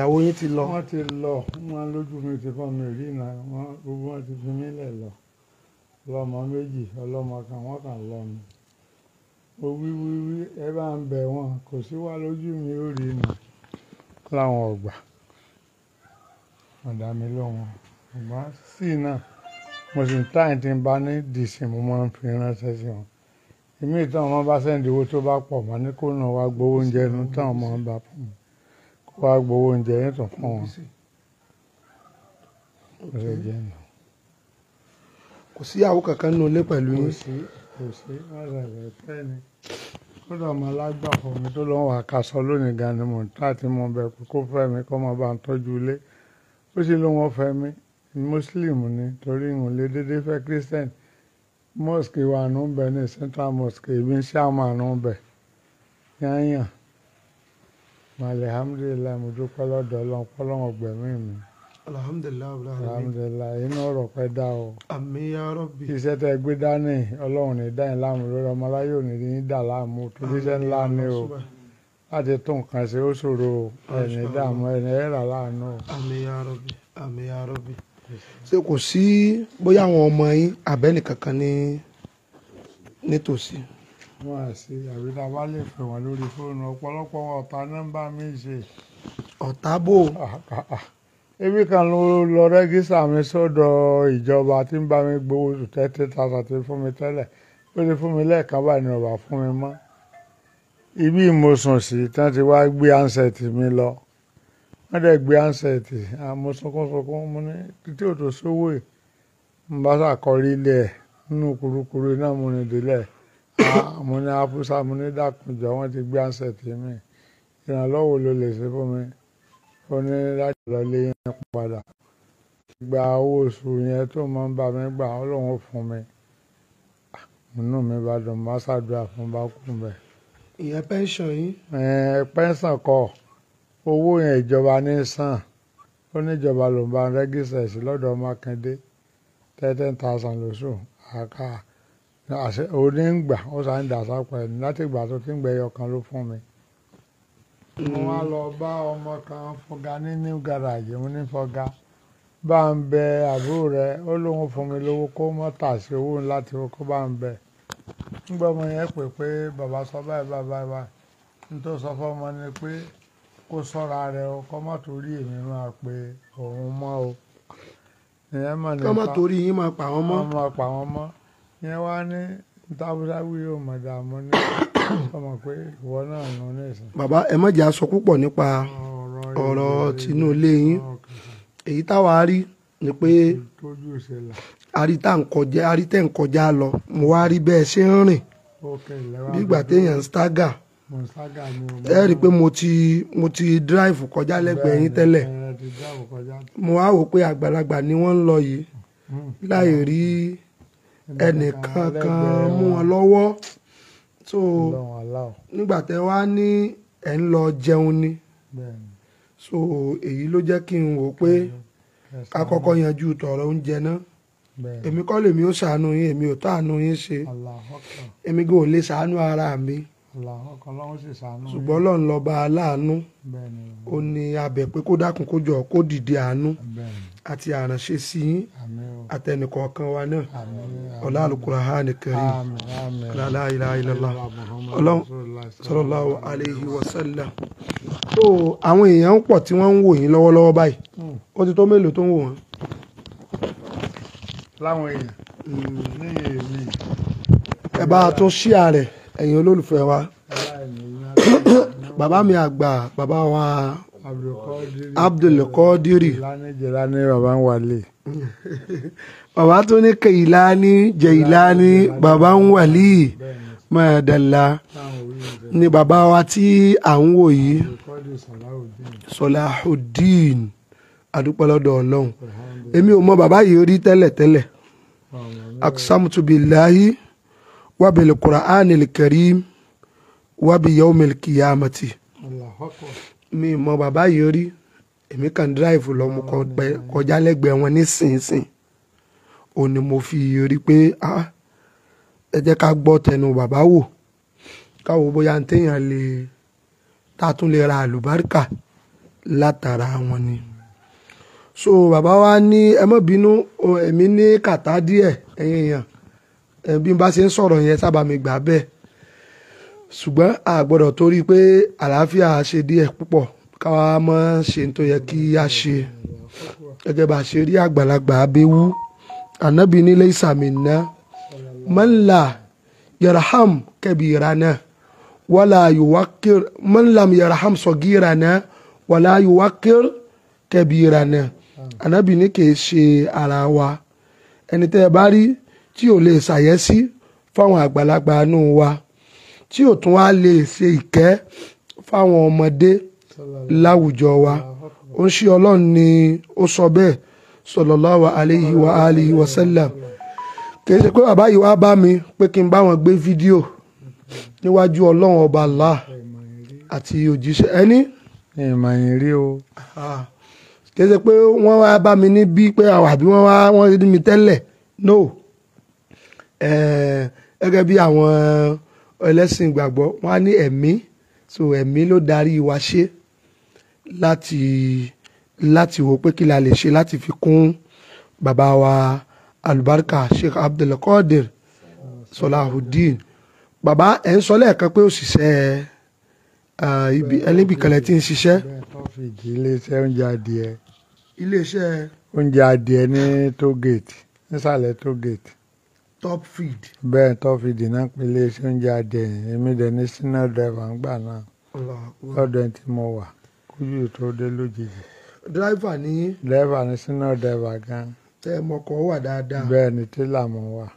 ìyàwó yín ti lọ. wọ́n ti lọ wọ́n lójú mi ti fọ́n mi rí iná wọ́n gbogbo wọn ti fi mí lẹ̀ lọ lọ́mọ méjì ọlọ́mọ kan wọ́n kàn lọ mi. mo wí wí wí ẹ bá ń bẹ̀ wọ́n kò sí wá lójú mi ó rí iná láwọn ọgbà ọ̀dà mi lọ́wọ́ ọgbà sí náà mo sì ń táyìn tí ń bá ní dìsìn mo máa ń fi ránṣẹ́ sí wọn èmi ìtàn ọmọ bá sẹ́ńdì tó bá pọ̀ mọ́ ní kó náà wá gbowó oúnjẹ nu táwọn ọmọ bá pọ̀ mọ́ wá gbowó oúnjẹ yẹn tún fún wọn ọ̀rẹ́ jẹ́ nù. kò síyàwó kankan nínú ilé pẹ̀lú yín. kò sí kò sí ọ̀rẹ́ rẹ̀ fẹ́ni kódà ọmọ alágbàfọ̀ mi tó lọ́wọ́ àkàsọ lónìí gan ni mò ń tà tí mo kó fẹ́ mi kó máa bá ń tọ́jú ilé ó sì ló wọ́n fẹ́ mi muslim ni torí mo lè dédé fẹ́ christian mosque wa nù bẹ ní central mosque ibi ń ṣàmà nù bẹ yányàn alhamdulilayi mo dúpẹ́ lọ́dọ̀ ọlọ́run pọ́lọ́run gbẹ̀mí mi. alhamdulilayi abúlé alamin. alhamdulilayi inú ọ̀rọ̀ pẹ́ dá o. àmín ya Rabbi. iṣẹ́ tẹ́ gbé dání ọlọ́run ní dáhìn láàmú lórí ọmọ aláyé òní ní dà láàmú tó iṣẹ́ ńlá ni o láti tún nǹkan ṣe ó ṣòro o ẹ̀ní dààmú ẹ̀ní ẹ̀rà láàánú o. àmín ya Rabbi àmín ya Rabbi. ṣé kò sí bóyá àwọn ọmọ yín àbẹ́nìkankan ní nítòsí wọ́n á ṣe àbí tá a bá lè pè wọ́n lórí fóònù ọ̀pọ̀lọpọ̀ ọ̀tá nọ́mbà mi ṣe. ọ̀tá bò. ibi kan ló lọ rẹ́gísà mi sọ́dọ̀ ìjọba tí ń bá mi gbowó oṣù tẹ́tí tata ti fún mi tẹ́lẹ̀ ó ti fún mi lẹ́ẹ̀kan báyìí ni ọba fún mi mọ́. ibi ìmọ̀sùn sí tán ti wá gbé ansẹ̀tì mi lọ wọ́n dẹ̀ gbé ansẹ̀tì àmọ́ sọkúnsọkún mo ní títí ò tó sówó ẹ̀ ń bá sàkọrí ilé ẹ̀ nínú kurukuru náà mo ní délẹ̀ ẹ̀ mo ní afusa mo ní dàkúnjọ wọn ti gbé ànsẹ̀ tì mí ìrànlọ́wọ́ ló lè ṣe fún mi ó ní láti lọ lé yẹn padà gba owó oṣù yẹn tó máa ń bá mi gbà ọlọ́run fún mi inú mi bá dùn má ṣàdúrà fún bá kú bẹ́ẹ̀. ìyẹn pẹ́ńsàn yìí. pẹ́ńsàn kọ owó yẹn ìjọba ní sàn ó níjọba ló ń bá rẹ́gísẹ̀ sí lọ́dọ̀ mákindé thirteen thousand lóṣù àká. àṣẹ òní ń gbà ó sá ń dà láti gbà tó kí n gbẹ̀yọ kan ló fún mi. mo wá lọ bá ọmọ kan fọgá ní new garage mo ní fọgá bá ń bẹ àbúrò rẹ ó lóun fún mi lówó kó mọ́tà sí owó ńlá kó bá ń bẹ ọmọ pé bàbá sọ báyìí báyìí. sọ fọmọ ni pé kó sọ́ra rẹ o má torí èmi òun o. má torí yín máa mọ́ yẹn wá ní tábútábú yóò mọ̀ dààmú ní ọmọ pé ìwọ náà nù ní ìsìn. bàbá ẹ má jẹ́ a sọ púpọ̀ nípa ọ̀rọ̀ tinú ilé yín èyí táwa rí ni pé arítẹ̀ ń kọjá lọ mo wá rí bẹ́ẹ̀ ṣe ń rìn bí ìgbà téèyàn ń stágà ẹ rí i pé mo ti mo kọjá lẹ́gbẹ̀ẹ́ yín tẹ́lẹ̀ mo wá wò pé àgbàlagbà ni wọ́n ń lọ yìí hmm. láì rí. Mm. ẹnìkan kan mú wọn lọ́wọ́ so nígbà tẹ wá ní ẹ̀ ń lọ jẹun ni so èyí ló jẹ́ kí n wò pé ká kọ́kọ́ yanjú tọ̀rọ̀ oúnjẹ náà èmi kọ́ lèmi ó ṣàánú yín èmi ò tàánú yín ṣe èmi gan ò lè ṣàánú ara mi ṣùgbọ́n ọlọ́run lọ́ba aláàánú ó ní abẹ pé kó dákun kó jọ kó dìde àánú àti àránṣe sí yín àtẹnìkọ̀ọ̀kan wa náà ọ̀là alukurahani karim la ilaha illallah ọlọ́run sallallahu alayhi wa sallam. tó àwọn èèyàn pọ̀ tí wọ́n ń wò yín lọ́wọ́lọ́wọ́ báyìí hmm. ó ti tó mélòó tó ń wò wọ́n. láwọn èèyàn lẹ́yìn hmm. èmi. ẹ bá a tó ṣíà rẹ̀ ẹ̀yin olólùfẹ́ wa bàbá mi àgbà bàbá wa abdulkadiri bàbá tó ní kailani jailani bàbá ń wàlí mọ̀ẹ́dẹ́lá ni bàbá wa tí à ń wò yìí sọláhùdíìn adúpọ̀lọ́dọ̀ ọlọ́run èmi ò mọ bàbá yìí rí tẹ́lẹ̀tẹ́lẹ̀ aksamutubilahi wabil qur'anil karim wabi yawmil qiyamati mi mọ bàbá yìí rí èmi kàn drive lọ mo kọjá lẹ́gbẹ̀ẹ́ wọn nísinsìn ò ní mo fi rí pé ah ẹ jẹ́ ká gbọ́ tẹnu bàbá wò káwo bóyá ń téèyàn lè tá tún lè ra àlùbáríkà látara wọn ni so bàbá wa ní ẹ má bínú èmi ní kàtá díẹ̀ ẹ̀yin èèyàn bí n bá ṣe ń sọ̀rọ̀ yẹn sábà mi gbà bẹ́ẹ̀ ṣùgbọ́n a gbọ́dọ̀ torí pé àlàáfíà ṣe díẹ̀ púpọ̀ káwa mọ́ ṣe tó yẹ kí a ṣe gẹ́gẹ́ bá a ṣe rí àgbàlagbà abéwú ànábì nílé ìsàmì ná mọ́nlá yaraham kẹbìrà náà wàlá yuwakir mọ́nlám yaraham sọ̀gìrà náà wàlá yuwakir kẹbìrà náà ànábì ní kì í ṣe ara wa ẹni tẹ́ ẹ bá rí tí ò lè ṣàyẹ́sí fáwọn àgbàlagbà inú wa tí ò tún wá lè ṣe ìkẹ́ fáwọn ọmọdé láwùjọ wa ó ń ṣe ọlọ́run ni ó sọ bẹ́ẹ̀ sallallahu alayhi wa alihi wa sallam kì í ṣe pé bàbá yìí wá bá mi pé kí n bá wọn gbé fídíò níwájú ọlọ́run ọba Allah àti òjíṣẹ́ ẹni. ìmọ̀ ìrí o. kì í ṣe pé wọ́n wá bá mi níbí pé àbí wọ́n wá wọ́n rí mi tẹ́lẹ̀ no gẹ́gẹ́ bí àwọn. Uh, ẹlẹ́sìn ìgbàgbọ́ wọ́n á ní ẹ̀mí so ẹ̀mí ló darí wa ṣe láti láti wò pé kí la lè ṣe láti fi kún bàbá wa alubarika Sheikh Abdulkadir Salahudeen bàbá ẹ̀ ń sọ lẹ́ẹ̀kan pé òṣìṣẹ́ ibi ẹlẹ́bìkanlẹ̀ tí ń ṣiṣẹ́. iléeṣẹ́ oúnjẹ adìẹ. iléeṣẹ́. oúnjẹ adìẹ ní tógèètì nísàlẹ̀ tógèètì top feed. bẹ́ẹ̀ top feed náà pe iléeṣẹ́ oúnjẹ adìyẹ èmi dẹ̀ ní sinal driver ń gbà náà lọ́dọ̀ tí mo wà kújú tó dé lójijì. driver ní. driver ní sinal driver gan. tẹ ẹ mọkọ wà dáadáa. bẹ́ẹ̀ ni tẹ́lá mo wà.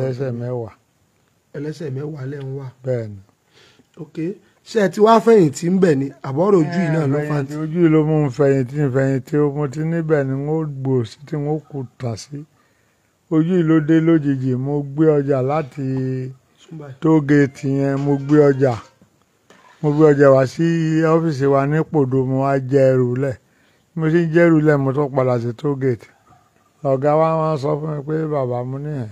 lẹ́sẹ̀ mẹ́wàá. ẹlẹ́sẹ̀ mẹ́wàá lẹ́ ń wà. bẹ́ẹ̀ ni. ok ṣé ẹ ti wá fẹ̀yìntì ń bẹ̀ ni àbọ̀rọ̀ ojú yìí náà ló fà tí. ojú yìí ló mú un fẹ̀yìntì fẹ̀yìntì mo ti níbẹ̀ ni n ó gbòòsí tí n ó kú tàn sí ojú ìlódé lójijì mo gbé ọjà láti tógeètì yẹn mo gbé ọjà mo gbé ọjà wá sí ọ́fíìsì wa ní pòdo mo wá jẹ ẹrù lẹ̀ mo ti ń jẹ ẹrù lẹ̀ mo tún padà sí tógeètì ọ̀gá wa wọ́n sọ fún mi pé bàbá mo ní ẹ̀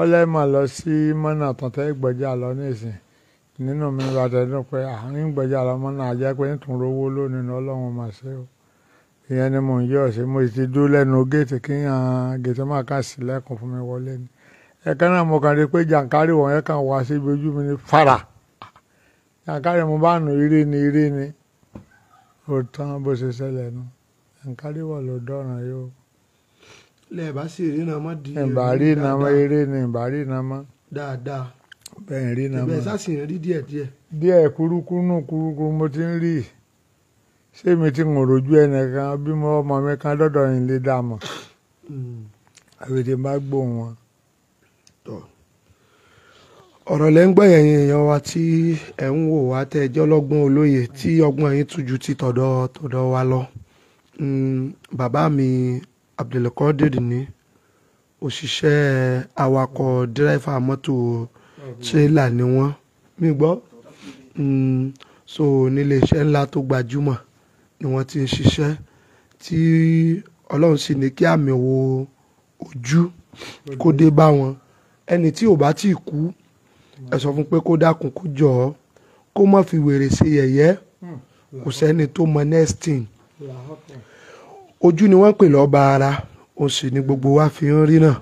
ọlẹ́mà lọ sí mọ́nà tọ̀tẹ́ ìgbọ̀jà lọ nísìn nínú mi bàtẹ́ dùn pé à ń lọ mọ́nà àjẹ́ pé ń lónìí ọlọ́run mà ṣe o ìyẹn ni mò ń yọ ṣe mo ti dúró lẹ́nu géètì kí gètè máa kàn sí lẹ́kùn fún mi wọlé ni ẹ̀ka náà mo kàn rí pé jàǹkárì wọ̀nyẹn kàn wá sí ibi ojú mi ní fara jàǹkárì mo bá nù irí ni irí ni ó tán bó ṣe ṣẹlẹ̀ nu jàǹkárì wọ̀ ló dọ̀ràn yóò. lẹ́ẹ̀ bá sì rí nàmọ́ di èrè dáadáa ìbá rí nàmọ́ eré ni ìbá rí nàmọ́. dáadáa bẹ́ẹ̀ rí nàmọ́ ìbẹ̀ sásìrìn rí díẹ̀ díẹ̀. díẹ̀ kúrúkú nù kúrúkú mo ti ń rí i ṣé mi tí mo rojú ẹnìkan bí mo ọmọ mi kan dọ́dọ̀ yìí lè dà mọ́ àwèdè bá gbóhùn wọn. ọ̀rọ̀ lẹ́ ń gbọ́ yẹn èèyàn wa tí ẹ̀ ń wò wá tẹ́ lọ́gbọ́n olóye tí ọgbọ́n yín tújú ti tọ̀dọ̀ tọ̀dọ̀ wa lọ. Hmm, bàbá mi Abdulkadir ni òṣìṣẹ́ awakọ̀ dírẹ́fà mọ́tò tírélà ni wọ́n mi gbọ́ hmm, so nílé iṣẹ́ ńlá tó gbajúmọ̀ ni wọ́n ti ń ṣiṣẹ́ tí ọlọ́run sì ní kí àmì wo ojú kó dé bá wọn ẹni tí ò bá tí ì kú ẹ sọ fún pé kó dákun kó jọ ọ kó má fi wèrè ṣe yẹ̀yẹ́ kò sẹ́ni tó mọ nesting ojú ni wọ́n pè lọ́ba ara òun sì ni gbogbo wa fi ń rí náà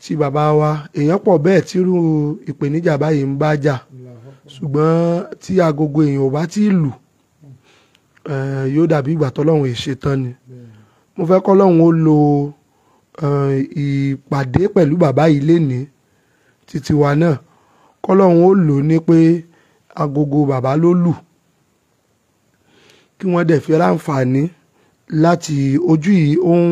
tí bàbá wa èèyàn pọ̀ bẹ́ẹ̀ tírú ìpèníjà báyìí ń bá jà ṣùgbọ́n tí agogo èèyàn ò bá tí lù yóò dàbí ìgbà tọ́lọ́run èṣe ni mo fẹ́ kọ́lọ́run ó lo ìpàdé pẹ̀lú bàbá yìí lénìí títí wa náà kọ́lọ́run ó lò ní pé agogo bàbá ló lù kí wọ́n dẹ̀ fi láǹfààní láti ojú yìí ó ń.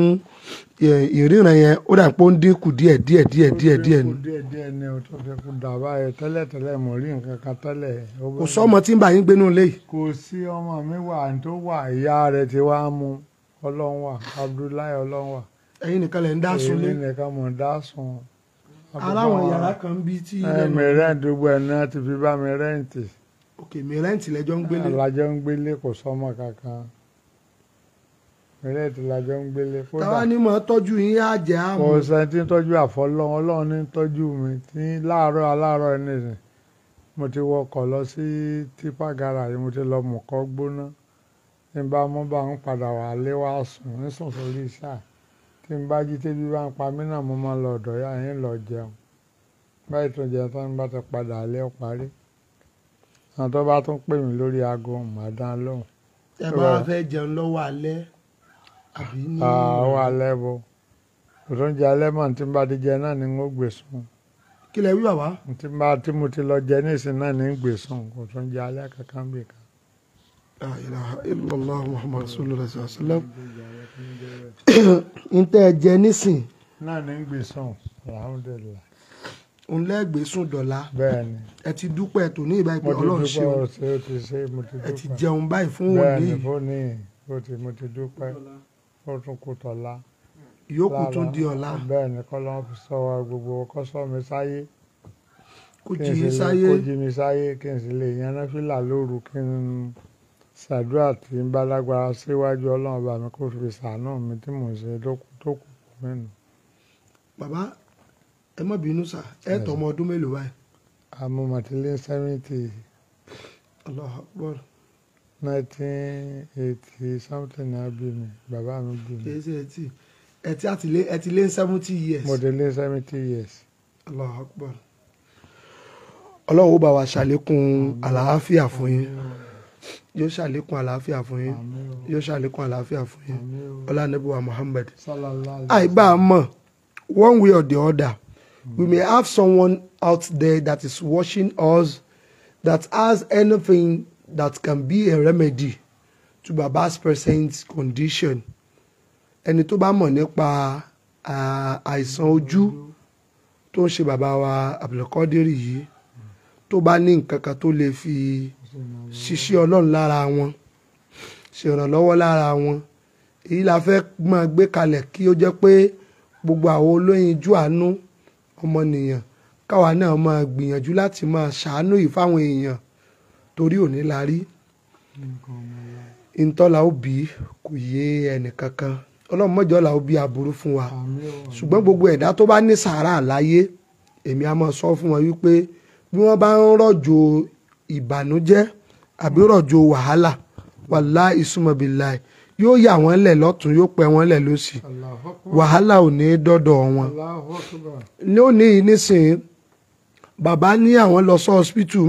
ìrìnà yẹn ó dà pé ń dínkù díẹ̀ díẹ̀ díẹ̀ díẹ̀ díẹ̀ ni. díẹ̀ díẹ̀ ni o tó fi kú dàbá yẹ tẹ́lẹ̀ tẹ́lẹ̀ rí nǹkan kan tẹ́lẹ̀. kò tí ń bá yín gbénú lé kò sí ọmọ mi wà tó wà ìyá rẹ̀ ti wá mú ọlọ́run wà Abdullahi ọlọ́run nìkan lẹ ń dá sun nìkan mọ̀ ń dá sun. yàrá kan bí tí. ẹ náà ti fi bá mi rẹ́ǹtì. ìpínlẹ̀ ètò làjọ ń gbélé. táwa ni mo tọ́jú yín àjẹ́ àmọ́. kò sẹ́ni tí ń tọ́jú àfọlọ́run ọlọ́run ní tọ́jú mi ní láàárọ̀ aláàárọ̀ ẹni sìn mo ti wọkọ̀ lọ sí tipa garage mo ti lọ mọ̀kọ́ gbóná tí n bá mọ́ bá ń padà wà lé wá sùn ń sùn sórí sáà tí n bá jí tébí bá ń pa mí náà mo máa lọ ọ̀dọ̀ yá yín lọ jẹun báyìí tó jẹun tán bá ti padà lé ọ parí àwọn tó bá tún pè mí lórí aago màdán lóhùn. ẹ máa fẹ́ jẹun lọ́wọ́ alẹ́ àwọn alẹ́ bọ̀ òtún jẹ alẹ́ mọ̀ tí n bá ti jẹ náà ni n ó gbé sùn. kí lẹ wí bàbá. tí n bá tí mo ti lọ jẹ ní ìsìn náà ni n gbé sùn òtún jẹ alẹ́ kankan bì kan. la ilaha illallah muhammadu sallallahu alaihi wa sallam. n tẹ́ ẹ jẹ nísìn. náà ni n gbé sùn alhamdulilayi òun lẹ́gbẹ̀ẹ́ sùn dọ̀la ẹ ti dúpẹ́ tò ní ìbáyìí pé ọlọ́run ṣe o ẹ ti jẹun báyìí fún òní. bẹ́ẹ̀ni fún ní mo ti dúpẹ́ ó tún kù tọ̀la. ìyókù tún di ọ̀la. bẹ́ẹ̀ ni kọ́lọ́ fi sọ wa gbogbo kọ́sọ́ mi sáyé. kó jí mi sáyé. kó jí mi sáyé kí n sì lè yanná fìlà lóru kí n ṣàdúrà tí ń bá lágbára síwájú ọlọ́run mi kó fi ṣàánú mi tí mò ń ṣe tó kù mẹ́nu. bàbá ẹ má bínú sá ẹ tọmọ ọdún mélòó báyìí. àmọ́ màtílé seventy. Allahu Akbar nineteen eighty something ni a bí mi bàbá mi bí mi. kì í ṣe etí ẹtí àtìlé ẹtí lé seventy years. mo ti lé seventy years. Allahu Akbar. ọlọ́run ó bá wa ṣàlékún àlàáfíà fún yín yóò ṣàlékún àlàáfíà fún yín yóò ṣàlékún àlàáfíà fún yín ọlànàbíwá Muhammad àìbá mọ̀ one way or the other we may have someone out there that is watching us that has anything that can be a remedy to Baba's present condition ẹni tó bá mọ̀ nípa àìsàn ojú tó ń ṣe bàbá wa Abdulkadiri yìí tó bá ní nǹkan kan tó lè fi ṣiṣẹ́ Ọlọ́run lára wọn ṣèrànlọ́wọ́ lára wọn èyí la fẹ́ máa gbé kalẹ̀ kí ó jẹ́ pé gbogbo àwọn olóyinjú àánú ọmọnìyàn káwa náà máa gbìyànjú láti máa ṣàánú yìí fáwọn èèyàn torí òní la rí ntọ́la ó bí kò yé ẹnìkankan ọlọ́run mọ́jọ́ la ó bí aburú fún wa ṣùgbọ́n gbogbo ẹ̀dá tó bá ní sàárà láyé èmi a máa sọ fún wọn wípé bí wọ́n bá ń rọ̀jò ìbànújẹ́ àbí rọ̀jò wàhálà wàlá ìsúmọ̀bìlà yóò yà wọ́n lẹ̀ lọ́tún yóò pẹ́ wọ́n lẹ̀ lọ́sì wàhálà ò ní dọ́dọ̀ wọn. lónìí nísìnyí bàbá ní àwọn lọ sọ hospital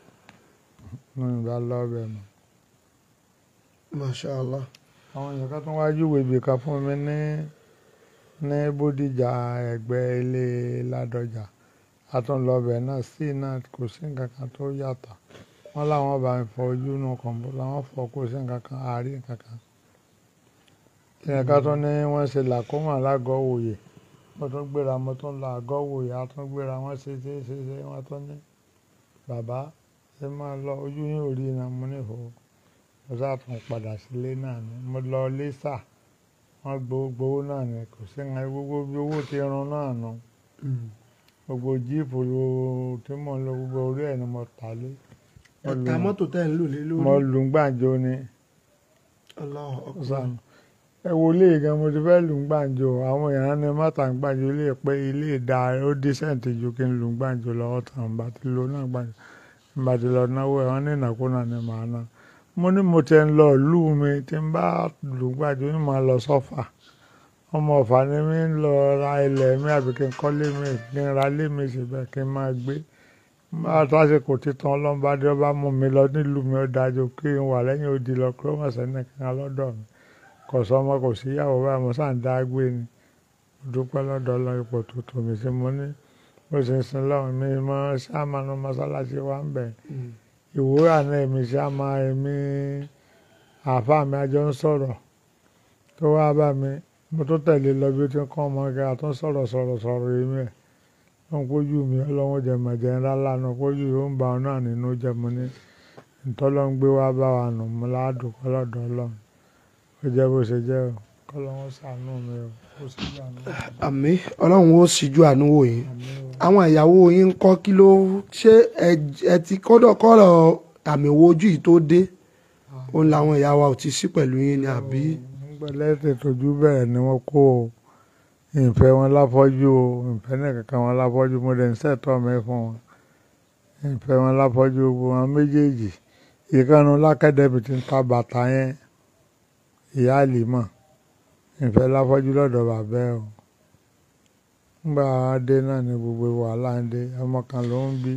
mi ò bá lọ ọbẹ̀ mọ́. mashala. àwọn èèyàn kan tún wá júwe ibì kan fún mi ní ní bódìjà ẹ̀gbẹ́ ilé ládọjà àtúnlọ́bẹ̀ náà sí náà kò sí nǹkan kan tó yàtọ̀ wọ́n láwọn bá ń fọ ojú inú kọ̀ǹbó làwọn fọ kò sí nǹkan kan àárín nǹkan kan ìyẹn ká tún ní wọ́n ṣe làkómà lágọ̀ọ́ òye mo tún gbéra mo tún lọ àgọ́ òye a tún gbéra wọ́n ṣe ṣe ṣe ṣe tún ní bàbá ẹ máa lọ ojú yín ò ríran mo ní ìhò mo sá tún padà sílé náà ni mo lọ lé sà wọ́n gbowó gbowó náà ni kò sí nǹkan gbogbo bí owó ti run náà nu hmm. gbogbo jíìpù tí mò ń gbogbo orí ẹ̀ ni mo tà lé. ẹ̀ka mọ́tò tẹ́ ń lò lé lórí. mo lù ń gbàǹjo ni. Allah ọkùnrin ẹ wo ilé gan mo ti fẹ́ lù ń gbàǹjo àwọn èèyàn ní mọ́tà ń gbàǹjo ilé pé ilé ìdá ó dísẹ́ǹtì ju kí n lù ń gbàǹjo lọ́wọ́ tàn bá ti lo náà gbàǹjo madilona tí lọ náwó ẹ̀ wọ́n ní ìnákúnà ni màá ná mo ní mo ti ń lọ ìlú mi tí ń bá lùgbàdì ní màá lọ sọ́fà ọmọ ọ̀fà ni mi ń lọ ra ilẹ̀ mi àbí kí n kọ́lé mi kí n ra ilé mi síbẹ̀ kí n máa gbé àtàsìkò títan ọlọ́mọba dé ọba mú mi lọ nílùú mi ó dájú kí n wà lẹ́yìn odi lọ kí ó mọ̀ kí n lọ́dọ̀ mi kò sọmọ kò síyàwó báyìí mo sàn dá gbé ni dúpẹ́ lọ́dọ̀ ọlọ́ ipò tuntun mi sí mo ní bó ṣe ń sin lọ́run mi mọ́ ṣáàmánu mọ́ṣáláṣí wa ń bẹ̀ mm. ìwúrà náà èmi ṣáàmá èmi àáfàá mi àjọ ń sọ̀rọ̀ tó wá bá mi mo tó tẹ̀lé lọ bí ó ti ń kọ́ ọmọ kí a tún sọ̀rọ̀ sọ̀rọ̀ sọ̀rọ̀ èmi ẹ̀ tó ń pójú mi ọlọ́wọ́ jẹ̀mọ̀jẹ̀ ńlá lánà pójú yóò ń ba ọ náà nínú ní ntọ́lọ́ gbé wá bá wa nù mú ládùn kọ́lọ́dọ̀ ọlọ́run ó jẹ́ bó ṣe jẹ́ o kọ́lọ́wọ́ ṣàánú mi ó sì àánú. àmín ọlọ́run ó ṣíjú àánú wò yín àwọn ìyàwó yín ń kọ́ kí ló ṣe ẹ ti kọ́dọ̀ kọ́rọ̀ àmì owó ojú yìí tó dé ah. òun làwọn ìyá wa ò ti sí pẹ̀lú yín ni àbí. nígbà lẹ́sẹ̀ tójú bẹ̀rẹ̀ ni wọ́n kó o ìfẹ́ wọn láfọ́jú o ìfẹ́ náà kankan wọn láfọ́jú mo dẹ̀ ń sẹ̀tọ́ mi fún wọn ìfẹ́ wọn láfọ́jú gbogbo wọn méjèèjì ìkànnì lákẹ́dẹ́bì ti ń ta bàtà yẹn ìyá àlìmọ̀ ìfẹ́ láfọ́jú lọ́dọ̀ bàbá ẹ̀ o. ngba ade náà ni gbogbo wàhálà ń ọmọ kan ló ń bi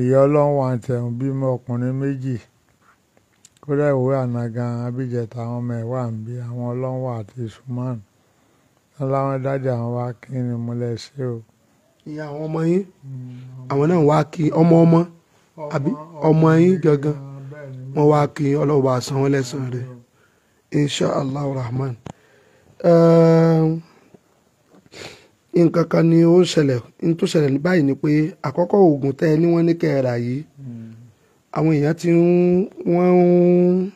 ìyá ọlọ́run àtẹ̀hún bímọ ọkùnrin méjì kódà ìwé ànagan abíjẹta àwọn ọmọ ẹ̀ wà ń bí àwọn ọlọ́run àti sùmọ́ọ̀nù láwọn dájà àwọn kí ni o. ìyá àwọn ọmọ yín àwọn náà wá ọmọ ọmọ àbí gangan wọn wá kí ọlọ́wọ́ àsanwó lẹ́sàn-án rẹ̀ allah rahman. nǹkan kan ni ó ṣẹlẹ̀ ní tó ṣẹlẹ̀ báyìí ni pé àkọ́kọ́ oògùn tẹ́ ẹ ní wọ́n ní kẹ́ẹ̀rà yìí àwọn èèyàn ti ń wọ́n ń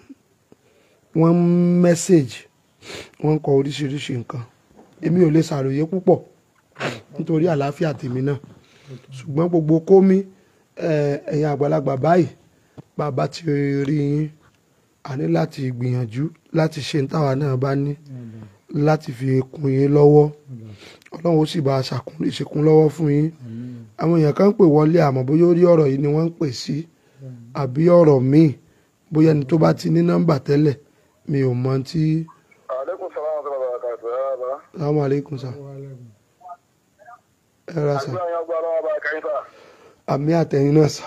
wọ́n ń mẹ́sẹ̀gì wọ́n ń kọ oríṣiríṣi nǹkan èmi ò lè ṣàròyé púpọ̀ nítorí àlàáfíà tèmi náà ṣùgbọ́n gbogbo kómi ẹ̀yin àgbàlagbà báyìí bàbá ti rí yín a ní láti gbìyànjú láti ṣe ní táwa náà bá ní láti fi kún yín lọ́wọ́ ọlọ́run ó sì bá a ṣèkún lọ́wọ́ fún yín àwọn èèyàn kan ń pè wọlé àmọ́ bóyá orí ọ̀rọ̀ yìí ni wọ́n ń pè sí àbí ọ̀rọ̀ míì bóyá ẹni tó bá ti ní nọ́mbà tẹ́lẹ̀ mi ò mọ tí. aleykum salaam wa rahmatulahi wa barakatuh. salaamu aleykum sa. ẹ ra sa. àmì àtẹ̀yìn náà sa.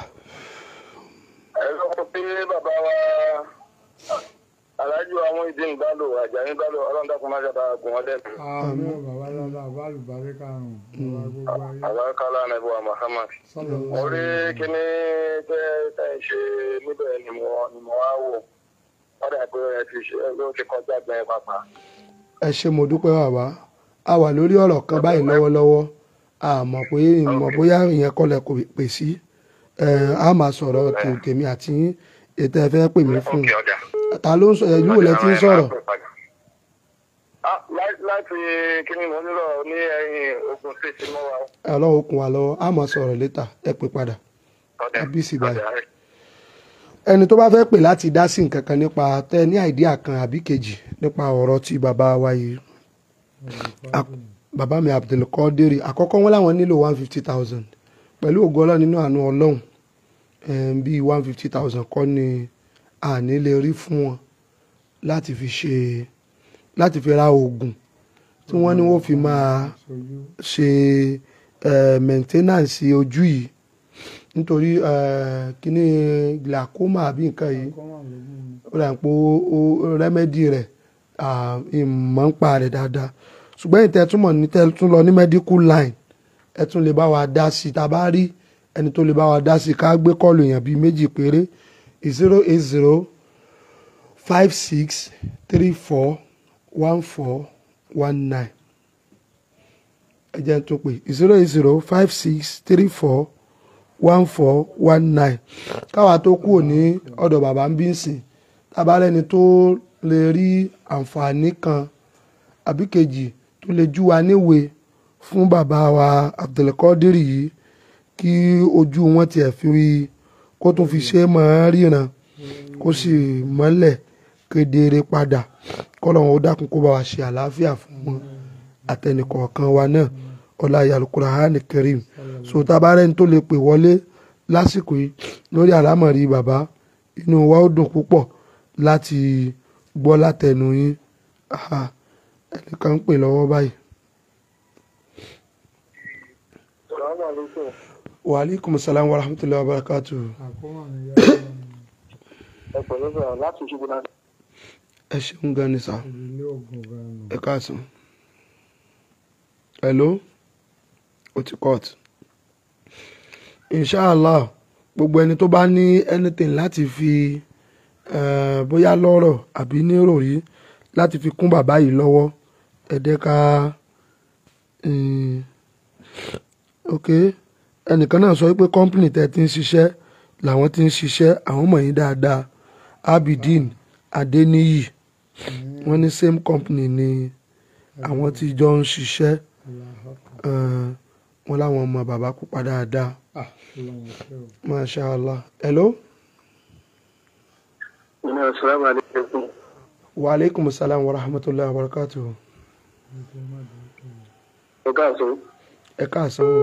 lò àjàní bá lò ọlọ́run dákun má sábà gùn ọ́dẹ. àmì bàbá lọ́la àbálù bàríkà rùn. Hmm. àbákálá nàbí wa Muhammad. mo rí kíní tẹ́ tẹ́ ṣe níbẹ̀ ni mo wá wò ọ̀dà pé ẹ ti ṣe ló ti kọjá gbẹ̀yìn pàpà. ẹ ṣé mo dúpẹ́ bàbá a wà lórí ọ̀rọ̀ kan báyìí lọ́wọ́lọ́wọ́ a mọ̀ pé ìmọ̀ bóyá ìyẹn kọlẹ̀ kò pè sí a máa sọ̀rọ̀ tèmi àti ètò ẹ̀fẹ́ pè mí fún un ta ló ń sọ ìlú wo lẹ ti ń sọ̀rọ̀. Ah, láti kíni mo nílò ní ẹ̀yìn ogun sí ti mọ wa. ọlọ́run okun wa lọ́wọ́ a máa sọ̀rọ̀ létà ẹ pè padà abc báyìí ẹni tó bá fẹ́ pè láti dá sí nǹkan kan nípa tẹ ní àìdíà kan àbí kejì nípa ọ̀rọ̀ tí bàbá wa yìí bàbá mi abdulkadir àkọ́kọ́ wọn làwọn nílò one fifty thousand pẹ̀lú ògo ọlọ́run nínú àánú ọlọ́run bíi one fifty thousand kọ́ ni àní lè rí fún wọn láti fi ṣe láti fi ra oògùn tí wọ́n ní wọ́n fi máa ṣe maintenance ojú yìí nítorí kíní glaucoma àbí nǹkan yìí ó dà pé rẹ́mẹ́dì rẹ̀ ìmọ̀ ń pa rẹ̀ dáadáa ṣùgbọ́n ìtẹ́ túmọ̀ ní tẹ́ lọ ní medical line ẹ tún lè bá wa dá sí i tá a bá rí ẹni tó lè bá wa dá sí i ká gbé kọ́ọ̀lù yẹn bíi méjì péré zero eight zero five six three four one four one nine ẹjẹ tó pé zero eight zero five six three four one four one nine káwa tó kúrò ní ọ̀dọ̀ bàbá ń bí ń sìn tábàárẹ̀ ni tó lè rí àǹfààní kan àbí kejì tó lè jú wa níwèé fún bàbá wa Abdulkadir yìí kí ojú wọn tiẹ̀ fi rí i kó tún fi ṣe máa ríran kó sì mọ́lẹ̀ kedere padà kọ́lọ́run ó dákun kó bá wa ṣe àlàáfíà fún wọn àtẹnìkọ̀ọ̀kan wa náà ọlá yàlùkùrà hàn kẹrìm so tabarẹ́ni tó lè pè wọlé lásìkò yìí lórí àlámọ̀rí bàbá inú wa ó dùn púpọ̀ láti gbọ́ látẹnu yín ẹnìkan ń pè lọ́wọ́ báyìí. wa aleykum salaam wa rahmatulahi wa barakatu. ẹ pẹ̀lú bẹ̀rẹ̀ láti ṣubú náà. ẹ ṣeun gan ni sá ẹ káàsán hello o ti court inshallah gbogbo ẹni tó bá ní anything láti fi bóyá lọ́rọ̀ àbí níròrí láti fi kún bàbá yìí lọ́wọ́ ẹ̀dẹ́ka ok ẹnìkan náà sọ wípé kọ́ńpìnì tẹ́ ti ń ṣiṣẹ́ làwọn ti ń ṣiṣẹ́ àwọn mọ̀ yín dáadáa Abidin Adeniyi hmm. wọ́n ní same company ni àwọn ti jọ ń ṣiṣẹ́ wọn láwọn ọmọ bàbá pupa dáadáa ah, mashallah hello. wa aleykum salaam wa rahmatulahi wa barakatuhu. ẹ káàsán. ẹ káàsán o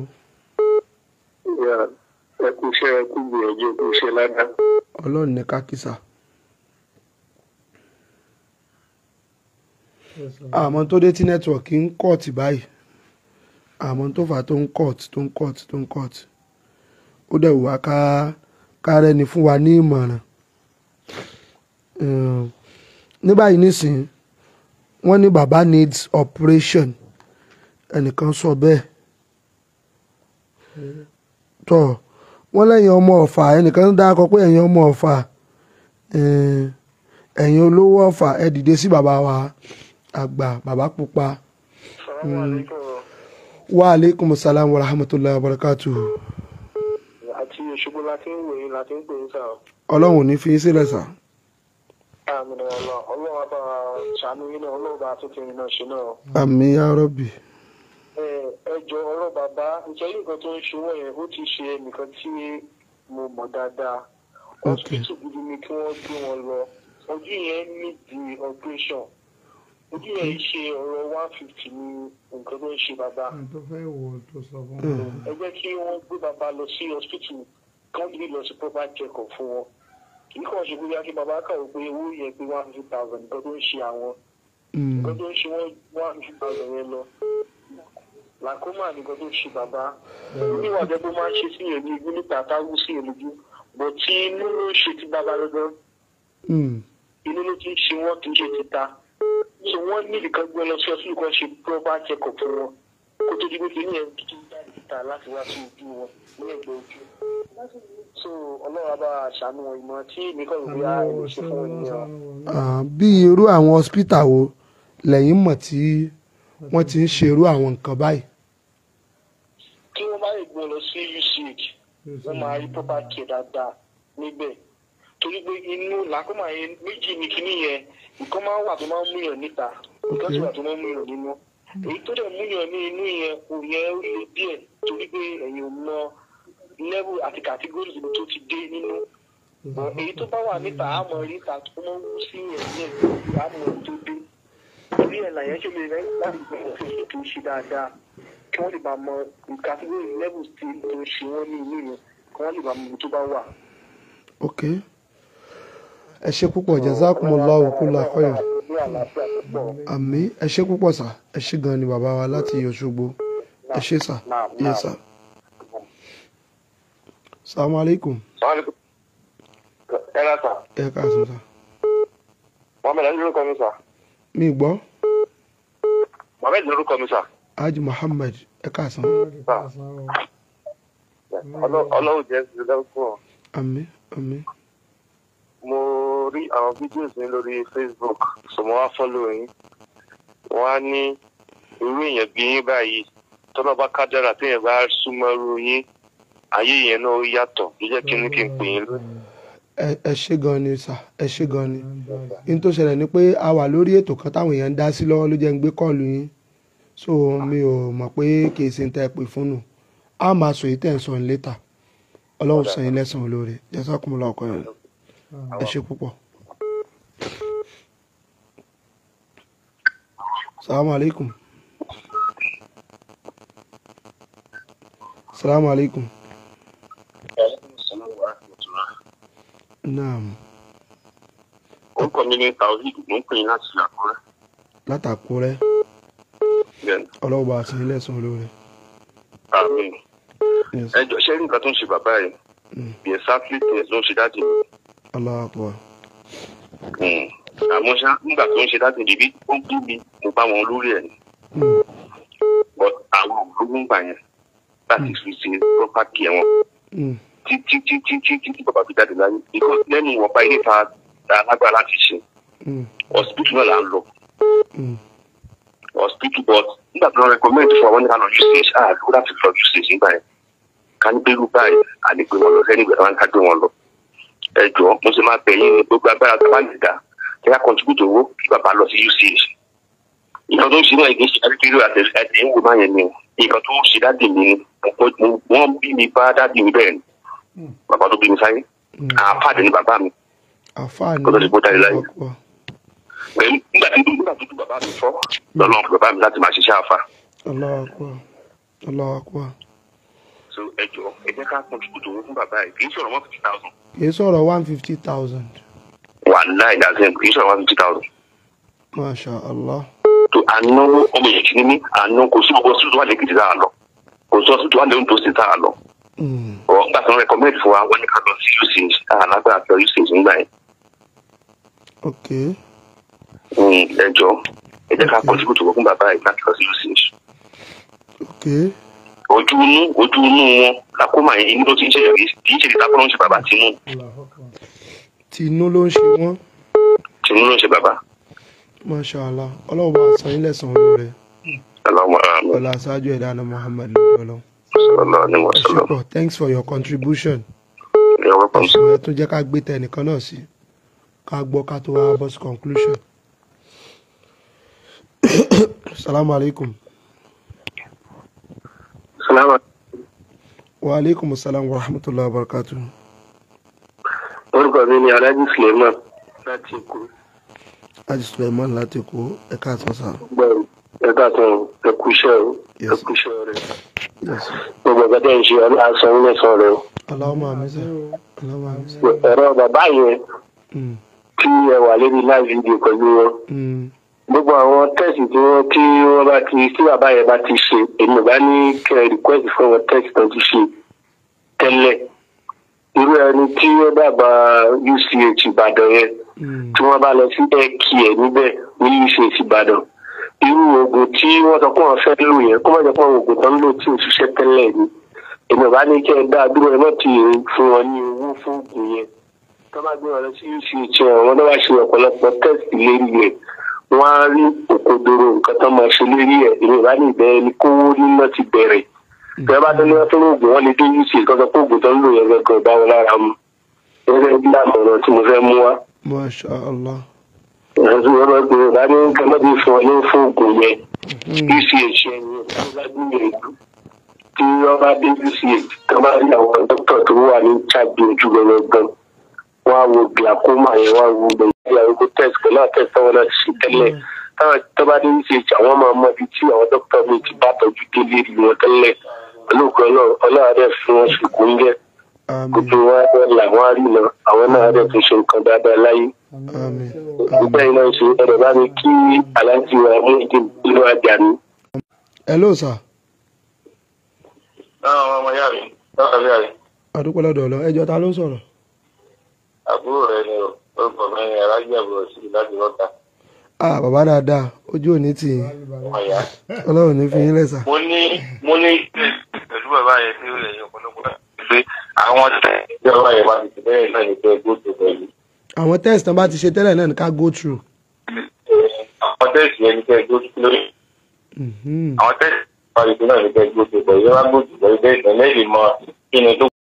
ẹkú iṣẹ́ ẹkú gbìyànjú ẹkú iṣẹ́ ládàá. ọlọ́run ní kákísà. àmọ́ tó dé tí nẹ́tíwọ̀kì ń kọ́ọ̀tì báyìí àmọ́ tó fà tó ń kọ́ọ̀tì tó ń kọ́ọ̀tì tó ń kọ́ọ̀tì ó dẹ̀ wá ká kárẹ́ ni fún wa ní ìmọ̀ràn ní báyìí nísìnyí wọ́n ní baba needs operation ẹnìkan sọ bẹ́ẹ̀ tọ̀ wọ́n lẹ́yìn ọmọ ọ̀fà ẹnìkan dá akọ pé ẹ̀yin ọmọ ọ̀fà eh, ẹ̀yin olówó ọ̀fà ẹ dìde sí bàbá wa àgbà bàbá pupa. wa aleykum salaam wa rahmatulahi wa barakatuhu. àti ìṣubú la ti ń wòye la ti ń pè é sá. ọlọ́run ò ní fi í sílẹ̀ sá àmì ọlọ́wọ́ bá ṣàánú yín náà ọlọ́wọ́ bá tuntun yín náà ṣe náà. àmín ya Rabbi ẹjọ ọ̀rọ̀ bàbá nítorí nǹkan tó ń ṣe wọ́n yẹn ó ti ṣe ẹnìkan tí mo mọ̀ dáadáa hospital gidi ni kí wọ́n gbé wọn lọ ojú yẹn nídìí operation ojú yẹn ṣe ọ̀rọ̀ one fifty ní nǹkan tó ń ṣe bàbá hmm. ẹ jẹ́ kí wọ́n gbé bàbá lọ sí hospital kan bí lọ sí proper check up fún wọn kì í kàn ṣe bóyá kí bàbá kàwé pé owó yẹn pé one fifty thousand nǹkan tó ń ṣe àwọn hmm. nǹkan tó ń ṣe wọ́n one fifty thousand yẹn lọ làkúmà nìkan tó ṣe bàbá oníwà jẹ tó máa ń ṣe sí yẹn ní igun níta táwù sí yẹn lójú bọ tí inú ló ń ṣe ti bàbá gangan hmm. inú ló ti ń ṣe wọn kì í ṣe ti ta ṣé wọn ní ìkan gbé lọ sí ọsùn kan ṣe proper check up fún wọn kó tó di pé kí ní ẹ tó jáde ta láti wá sí ojú wọn ní ẹgbẹ́ ojú so ọlọ́run bá ṣàánú wọn ìmọ̀ tí nìkan ló bí i ṣe fún wọn nìyẹn. Ah, bí irú àwọn hospital wo lẹ́yìn mọ̀ tí wọ́n ti ń ṣerú àwọn nǹkan báyìí. tí wọ́n bá lè gbọ́n lọ sí uch wọ́n máa rí proper care dáadáa níbẹ̀ torí pé inú làákùnmá yẹn méjì ní kinní yẹn nǹkan máa ń wà tó máa ń mú yàn níta nǹkan sì wà tó máa ń mú yàn nínú èyí tó dẹ̀ mú yàn ní inú yẹn kò yẹn lé díẹ̀ torí pé ẹ̀yin ò mọ level àti category tó ti dé nínú èyí tó bá wà níta àmọ́ rí tó máa ń wú sí yẹn díẹ̀ àmọ́ torí ẹ̀ làyẹn ṣe lè rẹ́ láti gbé òfin tó ṣe dáadáa kí wọ́n lè bá mọ category level tí tó ṣe wọ́n ní ilé yẹn kí wọ́n lè bá mọ ibi tó bá wà. ok ẹ ṣe púpọ̀ jazakumullahu kulla khair àmì ẹ ṣe púpọ̀ sà ẹ ṣe gan ni bàbá wa láti Òṣogbo ẹ ṣe sà yẹ sà. salamu aleykum. ẹ ká sọ sà. mohammed aliyu kọ́ mi sà. mi gbọ́. mohammed lorúkọ mi sà. haji mohammed ẹ káàsán. ọlọ́run jẹ́ ìṣẹ̀lẹ̀ ọ. rí àwọn lórí facebook sọmọ wá yín wọ́n á ní irú èèyàn bí yín báyìí bá kájára téèyàn bá súnmọ́ yín ẹ ṣé gan ni sà ẹ ṣé gan ni n tó ṣẹlẹ̀ ni pé a wà lórí ètò kan táwọn èèyàn ń dá sí lọ́wọ́ ló jẹ́ ń gbé kọ́ọ̀lù yín so mi ò mọ̀ pé kì í ṣe ń tẹ́ ẹ pè fún nù a máa sọ èyí tẹ̀ ń sọ ní létà ọlọ́run san yín lẹ́sàn-án olóore jẹ́sàkùnmọ́lá ọkọ yẹn ẹ ṣé púpọ̀. salamu alaikum salamu alaikum. orúkọ o ni taofik mo ń pè yín láti àkúrẹ́. látàkúrẹ́ ọlọ́wọ́ àti ilé ẹ̀sán olóore. àmín ẹjọ ṣé nǹkan tó ń ṣe bàbá hmm. yìí bí exactly things ló ń ṣe dájú mi. aláàpọ̀. Hmm. àmọ́ ṣá nígbà tó ń ṣe dájú mi bí ó bí mi mo bá wọn lórí ẹ̀ ni. Hmm. but àwọn ògbóngbà yẹn láti fi ṣe proper care wọn títí títí títí tí bàbá fi jáde láyé ìkọ́ lẹ́nu ìwọ̀nba ilé ta alágbára láti ṣe mm. hospital náà là ń lọ mm. hospital but nígbà tí wọ́n recommend fún àwọn nípa lọ usage ah ló láti lọ usage nígbà yẹn ká ní bẹ́rù báyìí àlègbè wọn lọ sẹ́ni ìgbà tí wọ́n ká gbé wọn lọ ẹ jọ̀ọ́ mo sì máa bẹ̀ yín ní gbogbo agbára tó bá lè dá kí á contribute owó kí bàbá lọ sí usage ìkan tó ń ṣe náà ìgbésí àdúgbò àtẹ̀yìnwó máa yẹn ni nǹkan tó ń ṣe dáàdì mi wọ́n bí mi bá dáàdì mi bẹ́ẹ̀ ni bàbá tó bí mi sáyé mm. àáfàá dé ní bàbá mi kó tó ti kó jáde láyé nígbà tí nígbà tó dùn bàbá mi fọ́ lọ́nà bàbá mi láti máa ṣiṣẹ́ àáfàá. so ẹ jọ ẹ jẹ́ ká contribute owó fún bàbá yìí kì í sọ̀rọ̀ one fifty thousand. kì í sọ̀rọ̀ one fifty thousand. wàhálà ìdásẹ́ kì í sọ̀rọ̀ one fifty thousand. masha allah to àná ọmọ yẹn kìíní àná kò sí ọgbọ́n sí tó wà lẹ́kìtì tá a lọ kò sí ọsùn tó wà lẹ́kìtì tá a lọ ọ̀ nígbà tó ń recommend fún wa wọ́n ní ká bàbá yìí láti lọ sí usage. ok. ojú inú ojú inú wọn làkúmà yẹn inú ló ti jẹ́ kì í ṣe ìdákọ́ ló ń ṣe bàbá tinú. tinú ló ń ṣe wọ́n. tinú ló ń ṣe bàbá. masha Allah ọlọ́run bá a san ilẹ̀ sallallahu thanks for your contribution. you're welcome. ẹ̀sùn ẹ tún jẹ́ ká gbé tẹnìkan náà sí ká gbọ́ ká tó wá bọ́ sí conclusion. salamu alaikum. salamu alaikum. wa alaikum salam wa rahmatullahi wa barakatuh. orúkọ mi ni alhaji suleiman láti èkó. alhaji suleiman láti èkó ẹ̀ka àtúnṣe. ẹ̀ka àtúnṣe ẹ̀kúṣẹ́ ẹ̀kúṣẹ́ rẹ̀ gbogbo gbẹdẹ ń ṣe ọlá san ilé san rẹ o. ẹ̀rọ bàbá yẹn hmm. tí ẹ wà lórí live video pẹ̀lú wọn hmm. gbogbo àwọn tẹ́sì tí wọ́n tí wọ́n bá ti tí bàbá yẹn bá ti ṣe èmi bá ní kẹ́ ẹ request fún wọn tẹ́sì tó ti ṣe tẹ́lẹ̀ irú ẹni tí ó dábàá UCH Ìbàdàn yẹn hmm. tí wọ́n bá lọ sí ẹ̀kí ẹ̀ e níbẹ̀ ní UCH Ìbàdàn irú oògùn tí wọ́n sọ pé wọ́n fẹ́ lò yẹn kó má jẹ́ pé àwọn oògùn tó ń lò tí ò ṣiṣẹ́ tẹ́lẹ̀ ni èmi ò bá ní kí ẹ dá dúró ẹ mọ́ ti fún wọn ní owó fún oògùn yẹn tó bá gbé wọn lọ sí uch wọn náà wá ṣe ọ̀pọ̀lọpọ̀ tẹ́sì lérí ẹ̀ wọ́n á rí òkodoro nǹkan tó máa ṣe lérí ẹ̀ èmi ò bá ní ìbẹ̀rẹ̀ ni kówó níná ti bẹ̀rẹ̀ bí hmm. wọ́n bá tó ní wọ́n fún oògùn wọn lè dé uch tó sọ pé oògùn tó ń lò yẹn gbẹ̀gbẹ̀ bá ẹ̀sùn yẹn máa ń gbèrò bá ní kẹ́mẹ́bí fún ọ ní fóògùn yẹn uch yẹn ní ọ̀làdúnyẹ̀dù tí wọ́n bá dé uch tó bá rí àwọn dókítà tó wà ní chájì ojú gbọ̀ngbọ̀n wọ́n á wo glaucoma yẹn wọ́n á wo gbẹ̀yìn àwọn test pẹ̀lú àtẹ̀sán wọn láti ṣe tẹ́lẹ̀ tó bá dé uch àwọn máa mọ ibi tí àwọn dókítà mi ti bá tọ́jú dé lérí wọn tẹ́lẹ̀ olóògùn ọlọ́ọ̀rẹ́ fún wọn ṣùgbọ́n jẹ́ gbogbo wọn hello sir. náà ah, wọn ọmọ yàrá yàrá yàrá. àdúpọ̀ lọ́dọ̀ ọ̀lọ́ ẹjọ́ ta ló ń sọ̀rọ̀. àbúrò rẹ ni orúkọ mi ni alájẹ àbúrò sí láti lọ́ta. ah bàbá dáadáa ojú òní tì í ọlọ́run ní fi yín lẹ́sà. mo ní mo ní pẹ̀lú bàbá yẹn tí ó lè yọ ọ̀pọ̀lọpọ̀ pé àwọn ìjọba yẹn bá ti bẹ́ẹ̀ náà ní pé gbọ́dọ̀ pẹ̀lú àwọn test tán bá ti ṣe tẹ́lẹ̀ náà ní ká go through. àwọn test yẹn ní kẹ́ go through lórí. Mhm. àwọn test yẹn ní kẹ́ go through bọ̀ ìjọba go through bọ̀ ìjọba lẹ́yìn mọ kí ni tó